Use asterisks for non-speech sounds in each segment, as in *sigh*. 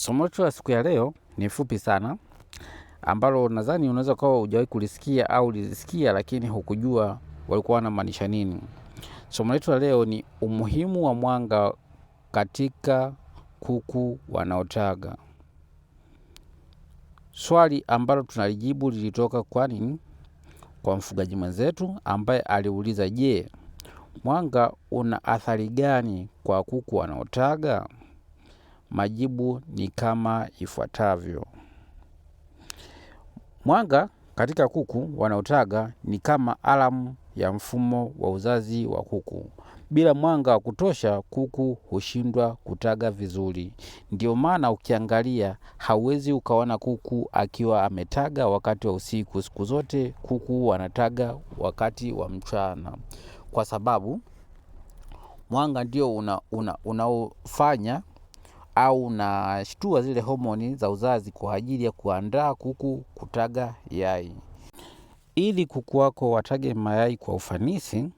Somo letu la siku ya leo ni fupi sana, ambalo nadhani unaweza ukawa hujawahi kulisikia au ulisikia lakini hukujua walikuwa wanamaanisha nini. Somo letu la leo ni umuhimu wa mwanga katika kuku wanaotaga. Swali ambalo tunalijibu lilitoka kwa nini? Kwa mfugaji mwenzetu ambaye aliuliza, je, mwanga una athari gani kwa kuku wanaotaga? Majibu ni kama ifuatavyo. Mwanga katika kuku wanaotaga ni kama alamu ya mfumo wa uzazi wa kuku. Bila mwanga wa kutosha, kuku hushindwa kutaga vizuri. Ndio maana ukiangalia, hauwezi ukaona kuku akiwa ametaga wakati wa usiku. Siku zote kuku wanataga wakati wa mchana, kwa sababu mwanga ndio unaofanya una, una au shtua zile homoni za uzazi kwa ajili ya kuandaa kuku kutaga yai. Ili kuku wako watage mayai kwa ufanisi,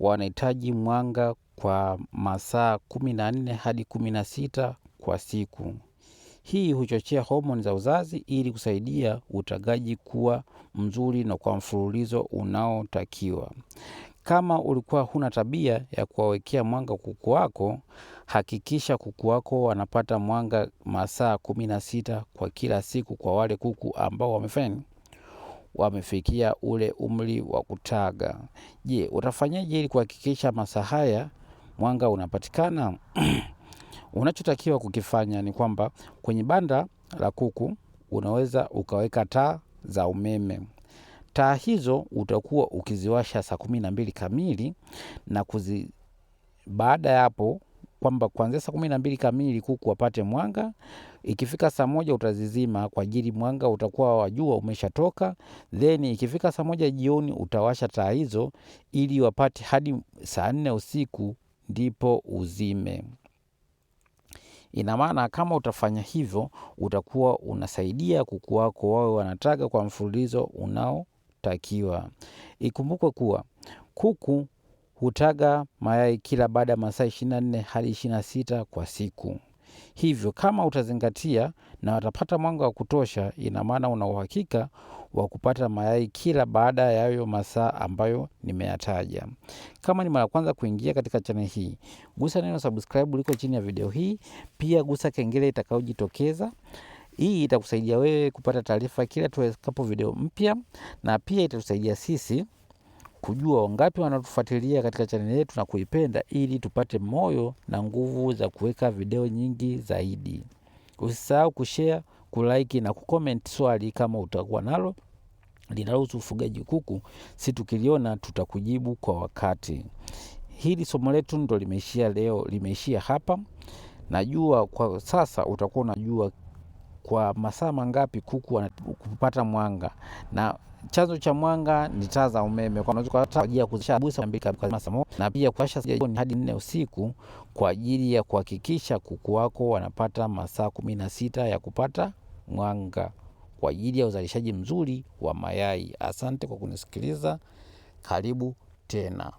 wanahitaji mwanga kwa masaa kumi na nne hadi kumi na sita kwa siku. Hii huchochea homoni za uzazi ili kusaidia utagaji kuwa mzuri na kwa mfululizo unaotakiwa. Kama ulikuwa huna tabia ya kuwawekea mwanga kuku wako, Hakikisha kuku wako wanapata mwanga masaa kumi na sita kwa kila siku kwa wale kuku ambao wamefanya wamefikia ule umri wa kutaga. Je, utafanyaje ili kuhakikisha masaa haya mwanga unapatikana? *clears throat* Unachotakiwa kukifanya ni kwamba kwenye banda la kuku unaweza ukaweka taa za umeme. Taa hizo utakuwa ukiziwasha saa kumi na mbili kamili na kuzi, baada ya hapo kwamba kuanzia saa kumi na mbili kamili kuku wapate mwanga. Ikifika saa moja utazizima kwa ajili mwanga utakuwa wa jua umeshatoka, then ikifika saa moja jioni utawasha taa hizo ili wapate hadi saa nne usiku ndipo uzime. Ina maana kama utafanya hivyo utakuwa unasaidia kuku wako wawe wanataga kwa mfululizo unaotakiwa. Ikumbukwe kuwa kuku hutaga mayai kila baada ya masaa 24 hadi 26 kwa siku. Hivyo kama utazingatia na watapata mwanga wa kutosha, ina maana una uhakika wa kupata mayai kila baada ya hayo masaa ambayo nimeyataja. Kama ni mara kwanza kuingia katika channel hii, gusa neno subscribe liko chini ya video hii, pia gusa kengele itakayojitokeza. Hii itakusaidia wewe kupata taarifa kila tuwekapo video mpya, na pia itatusaidia sisi kujua wangapi wanatufuatilia katika chaneli yetu na kuipenda, ili tupate moyo na nguvu za kuweka video nyingi zaidi. Usisahau kushare, kulike na kucomment swali kama utakuwa nalo linalohusu ufugaji kuku, si tukiliona tutakujibu kwa wakati. Hili somo letu ndo limeishia leo, limeishia hapa. Najua kwa sasa utakuwa unajua kwa masaa mangapi kuku kupata mwanga, na chanzo cha mwanga ni taa za umeme kwa ajili ya kuzisha busa na pia kuwasha hadi nne usiku kwa ajili ya kuhakikisha kuku wako wanapata masaa kumi na sita ya kupata mwanga kwa ajili ya uzalishaji mzuri wa mayai. Asante kwa kunisikiliza, karibu tena.